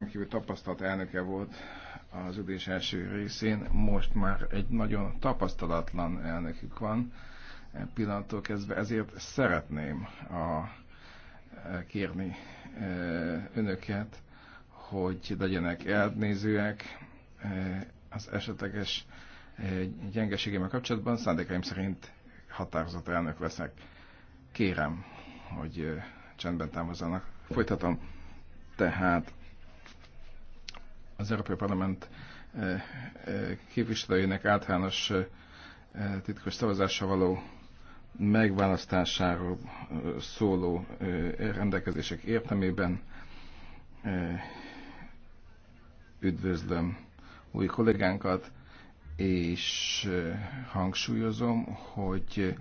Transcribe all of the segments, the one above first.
aki tapasztalt elnöke volt az ülés első részén, most már egy nagyon tapasztalatlan elnökük van e pillanattól kezdve, ezért szeretném a, e, kérni e, önöket, hogy legyenek elnézőek az esetleges gyengeségemmel kapcsolatban, szándékaim szerint határozott elnök leszek. Kérem, hogy csendben távozzanak. Folytatom. Tehát az Európai Parlament eh, eh, képviselőjének általános eh, titkos szavazása való megválasztásáról szóló rendelkezések értelmében üdvözlöm új kollégánkat, és hangsúlyozom, hogy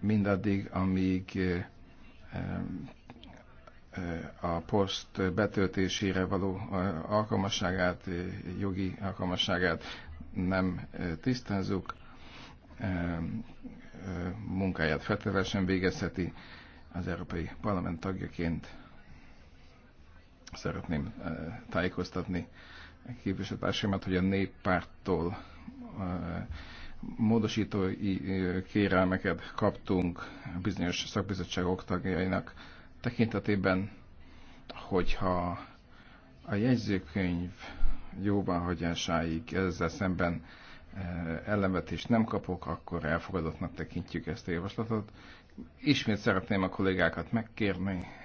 mindaddig, amíg a poszt betöltésére való alkalmasságát, jogi alkalmasságát nem e, tisztázzuk, e, e, munkáját feltételesen végezheti az Európai Parlament tagjaként. Szeretném tájékoztatni képviselőtársaimat, hogy a néppárttól módosítói kérelmeket kaptunk bizonyos szakbizottságok tagjainak tekintetében, hogyha a jegyzőkönyv hagyásáig ezzel szemben eh, ellenvetést nem kapok, akkor elfogadottnak tekintjük ezt a javaslatot. Ismét szeretném a kollégákat megkérni,